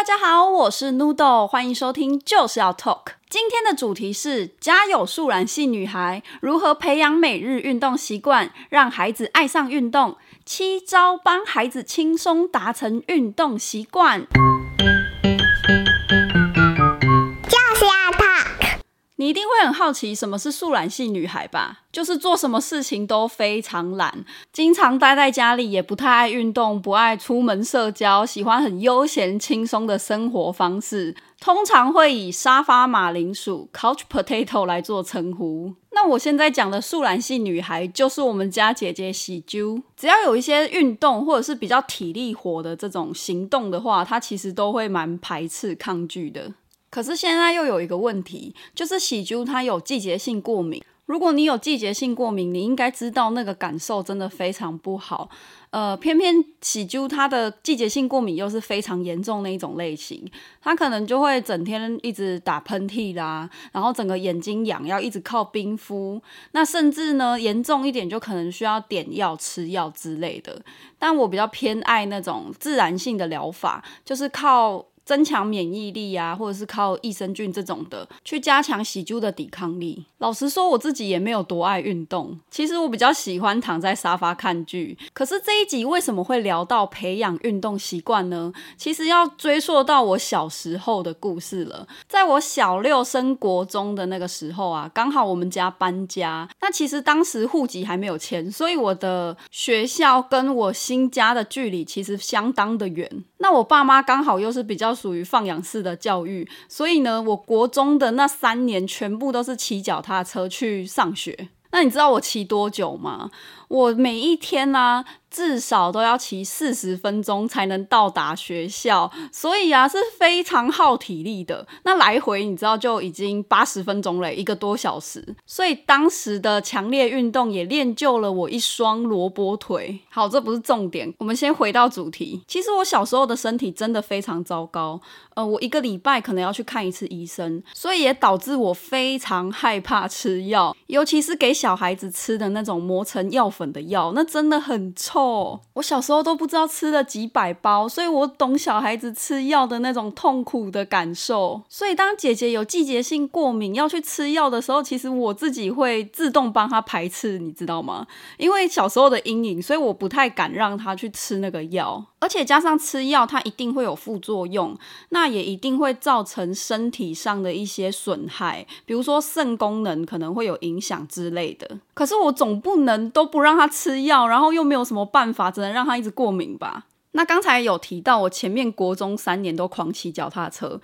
大家好，我是 Noodle，歡迎收聽，就是要 Talk。今天的主題是：家有樹懶系女孩，如何培養每日運動習慣，讓孩子愛上運動？七招幫孩子輕鬆達成運動習慣。你一定會很好奇什麼是樹懶系女孩吧？就是做什麼事情都非常懶，經常待在家裡，也不太愛運動，不愛出門社交，喜歡很悠閒輕鬆的生活方式。通常會以沙發馬鈴薯 （couch potato） 來做稱呼。那我現在講的樹懶系女孩就是我們家姐姐喜啾。只要有一些運動或者是比較體力活的這種行動的話，她其實都會蠻排斥抗拒的。可是現在又有一個問題，就是喜啾它有季節性過敏。如果你有季節性過敏，你應該知道那個感受真的非常不好。呃，偏偏喜啾它的季節性過敏又是非常嚴重那一種類型，它可能就會整天一直打噴嚏啦，然後整個眼睛癢，要一直靠冰敷。那甚至呢，嚴重一點就可能需要點藥、吃藥之類的。但我比較偏愛那種自然性的療法，就是靠增強免疫力呀、啊，或者是靠益生菌這種的去加強喜啾的抵抗力。老實說，我自己也沒有多愛運動，其實我比較喜歡躺在沙发看劇。可是這一集為什麼會聊到培養運動習慣呢？其實要追溯到我小時候的故事了。在我小六升國中的那個時候啊，剛好我們家搬家，那其實當時戶籍還沒有遷，所以我的學校跟我新家的距離其實相當的遠。那我爸媽剛好又是比較屬於放養式的教育，所以呢，我國中的那三年全部都是騎腳踏車去上學。那你知道我騎多久嗎？我每一天呢、啊。至少都要騎四十分鐘才能到達學校，所以啊，是非常耗體力的。那來回你知道就已經八十分鐘了，一個多小時。所以當時的強烈運動也練就了我一雙蘿蔔腿。好，這不是重點，我們先回到主題。其實我小時候的身體真的非常糟糕，呃，我一個禮拜可能要去看一次醫生，所以也導致我非常害怕吃藥，尤其是給小孩子吃的那種磨成藥粉的藥，那真的很臭。哦，我小時候都不知道吃了幾百包，所以我懂小孩子吃藥的那種痛苦的感受。所以當姐姐有季節性過敏要去吃藥的時候，其實我自己會自動幫她排斥，你知道嗎？因為小時候的陰影，所以我不太敢讓她去吃那個藥。而且加上吃藥，它一定會有副作用，那也一定會造成身體上的一些損害，比如說腎功能可能會有影響之類的。可是我總不能都不讓他吃藥，然後又沒有什麼辦法，只能讓他一直過敏吧？那剛才有提到，我前面國中三年都狂騎腳踏車。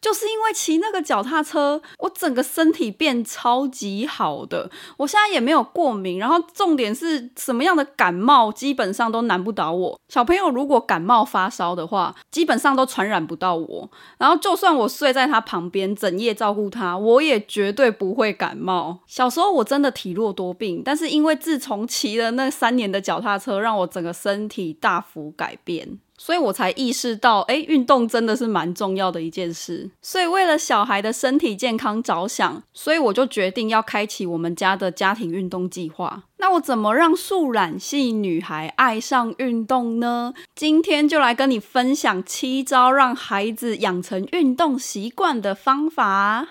就是因為騎那個腳踏車，我整個身體變超級好的，我現在也沒有過敏。然後重點是什麼樣的感冒，基本上都難不倒我。小朋友如果感冒發燒的話，基本上都傳染不到我。然後就算我睡在他旁邊整夜照顧他，我也絕對不會感冒。小時候我真的體弱多病，但是因為自從騎了那三年的腳踏車，讓我整個身體大幅改變。所以我才意識到，哎、欸，運動真的是蠻重要的一件事。所以為了小孩的身體健康着想，所以我就決定要開啓我們家的家庭運動計劃。那我怎麼讓樹懶系女孩愛上運動呢？今天就來跟你分享七招讓孩子養成運動習慣的方法。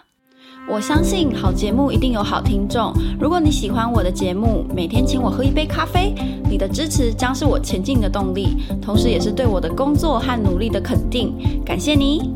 我相信好節目一定有好聽眾。如果你喜歡我的節目，每天請我喝一杯咖啡，你的支持將是我前進的動力，同時也是對我的工作和努力的肯定。感謝你。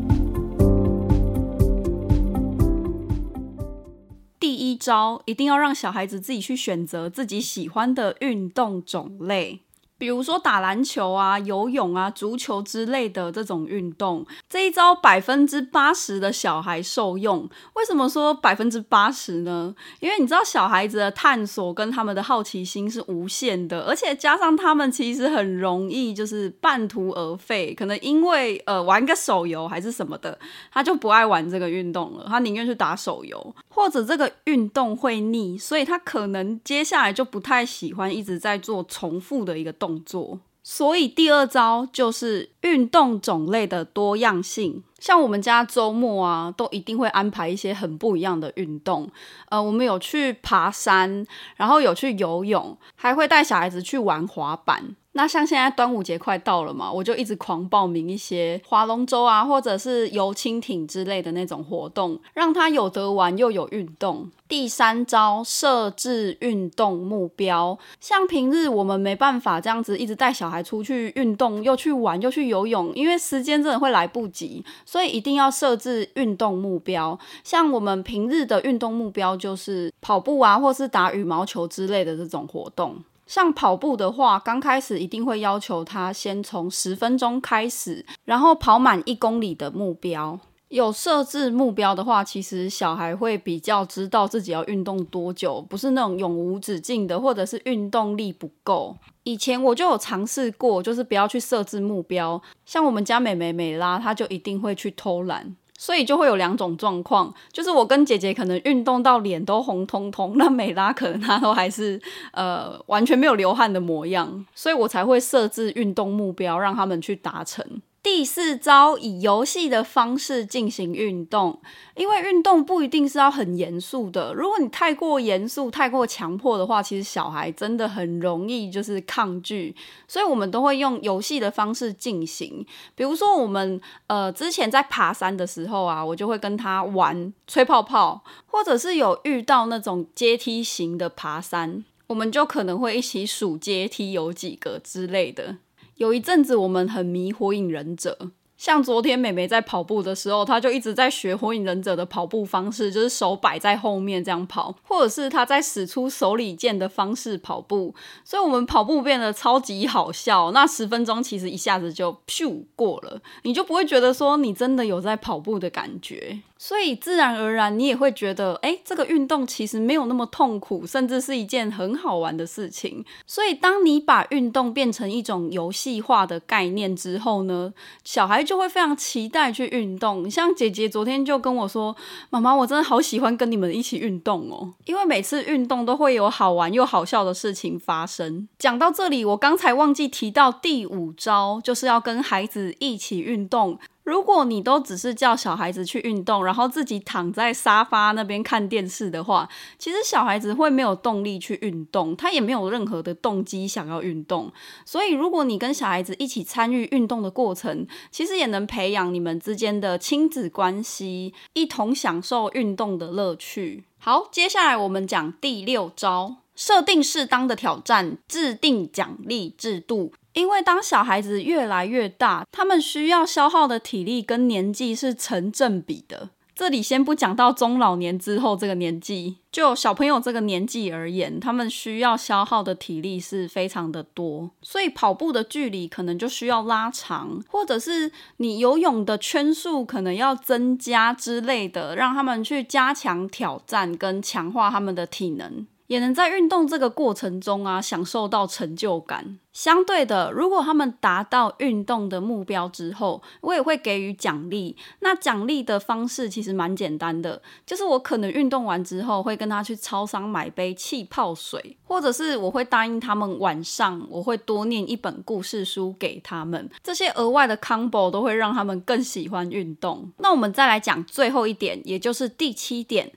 第一招，一定要讓小孩子自己去選擇自己喜歡的運動種類。比如說打籃球啊、游泳啊、足球之類的這種運動，這一招百分之八十的小孩受用。為什麼說百分之八十呢？因為你知道，小孩子的探索跟他們的好奇心是無限的，而且加上他們其實很容易就是半途而廢，可能因為呃玩個手遊還是什麼的，他就不愛玩這個運動了，他寧願去打手遊，或者這個運動會膩，所以他可能接下來就不太喜歡一直在做重複的一個動作。所以第二招就是運動種類的多樣性。像我們家周末啊，都一定會安排一些很不一樣的運動。呃，我們有去爬山，然後有去游泳，還會帶小孩子去玩滑板。那像現在端午節快到了嘛，我就一直狂報名一些划龍舟啊，或者是游輕艇之類的那種活動，讓他有得玩又有運動。第三招，設置運動目標。像平日我們沒辦法這樣子一直帶小孩出去運動，又去玩又去游泳，因為時間真的會來不及，所以一定要設置運動目標。像我們平日的運動目標就是跑步啊，或是打羽毛球之類的這種活動。像跑步的話，剛開始一定會要求他先從十分鐘開始，然後跑滿一公里的目標。有設置目標的話，其實小孩會比較知道自己要運動多久，不是那種永無止境的，或者是運動力不夠。以前我就有嘗試過，就是不要去設置目標。像我們家妹妹美拉，她就一定會去偷懶。所以就會有兩種狀況，就是我跟姐姐可能運動到臉都紅通通，那美拉可能她都還是呃完全沒有流汗的模樣，所以我才會設置運動目標，讓他們去達成。第四招，以遊戲的方式進行運動，因為運動不一定是要很嚴肅的。如果你太過嚴肅、太過強迫的話，其實小孩真的很容易就是抗拒。所以我們都會用遊戲的方式進行，比如說我們呃之前在爬山的時候啊，我就會跟他玩吹泡泡，或者是有遇到那種階梯型的爬山，我們就可能會一起數階梯有幾個之類的。有一陣子，我們很迷《火影忍者》。像昨天妹妹在跑步的時候，她就一直在學《火影忍者》的跑步方式，就是手擺在後面這樣跑，或者是她在使出手裡劍的方式跑步。所以，我們跑步變得超級好笑。那十分鐘其實一下子就咻過了，你就不會覺得說你真的有在跑步的感覺。所以自然而然，你也會覺得，哎，這個運動其實沒有那麼痛苦，甚至是一件很好玩的事情。所以，當你把運動變成一種遊戲化的概念之後呢，小孩就會非常期待去運動。像姐姐昨天就跟我說：“媽媽，我真的好喜歡跟你們一起運動哦，因為每次運動都會有好玩又好笑的事情發生。”講到這裡，我剛才忘記提到第五招，就是要跟孩子一起運動。如果你都只是叫小孩子去運動，然後自己躺在沙發那邊看電視的話，其實小孩子會沒有動力去運動，他也沒有任何的動機想要運動。所以，如果你跟小孩子一起參與運動的過程，其實也能培養你們之間的親子關係，一同享受運動的樂趣。好，接下來我們講第六招：設定適當的挑戰，制定獎勵制度。因為當小孩子越來越大，他們需要消耗的體力跟年紀是成正比的。這裡先不講到中老年之後這個年紀，就小朋友這個年紀而言，他們需要消耗的體力是非常的多，所以跑步的距離可能就需要拉長，或者是你游泳的圈數可能要增加之類的，讓他們去加強挑戰跟強化他們的體能。也能在運動這個過程中啊，享受到成就感。相對的，如果他們達到運動的目標之後，我也會給予獎勵。那獎勵的方式其實蠻簡單的，就是我可能運動完之後會跟他去超商買杯氣泡水，或者是我會答應他們晚上我會多念一本故事書給他們。這些額外的 combo 都會讓他們更喜歡運動。那我們再來講最後一點，也就是第七點。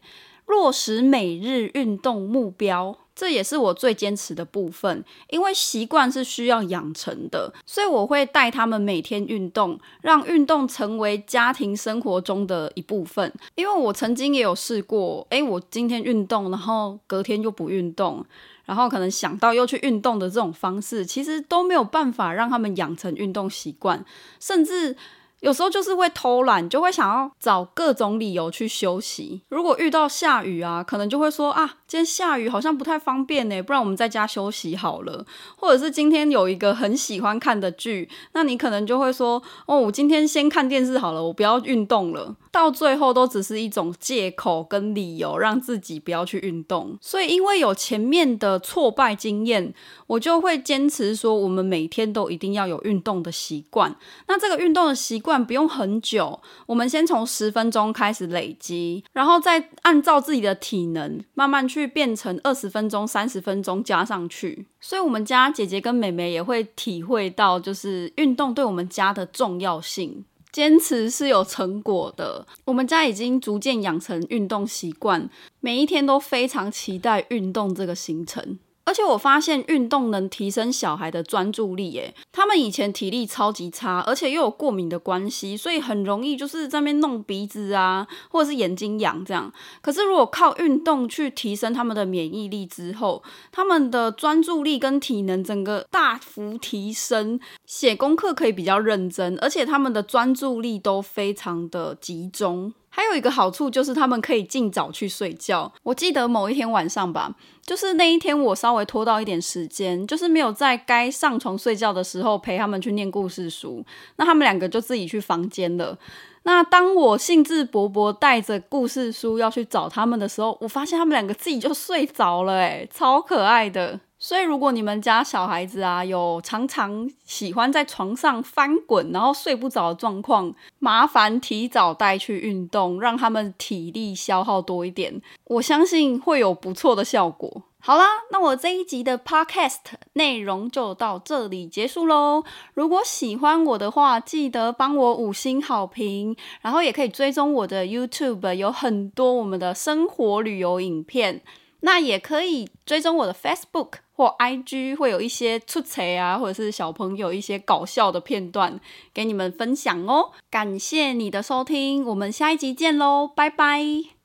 落實每日運動目標，這也是我最堅持的部分。因為習慣是需要養成的，所以我會帶他們每天運動，讓運動成為家庭生活中的一部分。因為我曾經也有試過，誒，我今天運動，然後隔天又不運動，然後可能想到又去運動的這種方式，其實都沒有辦法讓他們養成運動習慣，甚至。有時候就是會偷懶，就會想要找各種理由去休息。如果遇到下雨啊，可能就會說啊，今天下雨好像不太方便呢，不然我們在家休息好了。或者是今天有一個很喜歡看的劇，那你可能就會說哦，我今天先看電視好了，我不要運動了。到最後都只是一種借口跟理由，讓自己不要去運動。所以因為有前面的挫敗經驗，我就會堅持說，我們每天都一定要有運動的習慣。那這個運動的習慣。不,不用很久，我們先從十分鐘開始累積，然後再按照自己的體能慢慢去變成二十分鐘、三十分鐘加上去。所以，我們家姐姐跟妹妹也會體會到，就是運動對我們家的重要性。堅持是有成果的，我們家已經逐漸養成運動習慣，每一天都非常期待運動這個行程。而且我發現運動能提升小孩的專注力耶。他們以前體力超級差，而且又有過敏的關係，所以很容易就是在那邊弄鼻子啊，或者是眼睛癢這樣。可是如果靠運動去提升他們的免疫力之後，他們的專注力跟體能整個大幅提升，寫功課可以比較認真，而且他們的專注力都非常的集中。還有一個好處就是他們可以盡早去睡覺。我記得某一天晚上吧，就是那一天我稍微拖到一點時間，就是沒有在該上床睡覺的時候陪他們去念故事書，那他們兩個就自己去房間了。那當我興致勃勃帶着故事書要去找他們的時候，我發現他們兩個自己就睡着了，欸，誒，超可愛的。所以，如果你們家小孩子啊有常常喜歡在床上翻滾，然後睡不着的狀況，麻煩提早帶去運動，讓他們體力消耗多一點，我相信會有不錯的效果。好啦，那我這一集的 Podcast 內容就到這裡結束嘍。如果喜歡我的話，記得幫我五星好評，然後也可以追蹤我的 YouTube，有很多我們的生活旅遊影片。那也可以追蹤我的 Facebook 或 IG，會有一些出彩啊，或者是小朋友一些搞笑的片段，給你們分享哦。感謝你的收聽，我們下一集見嘍，拜拜。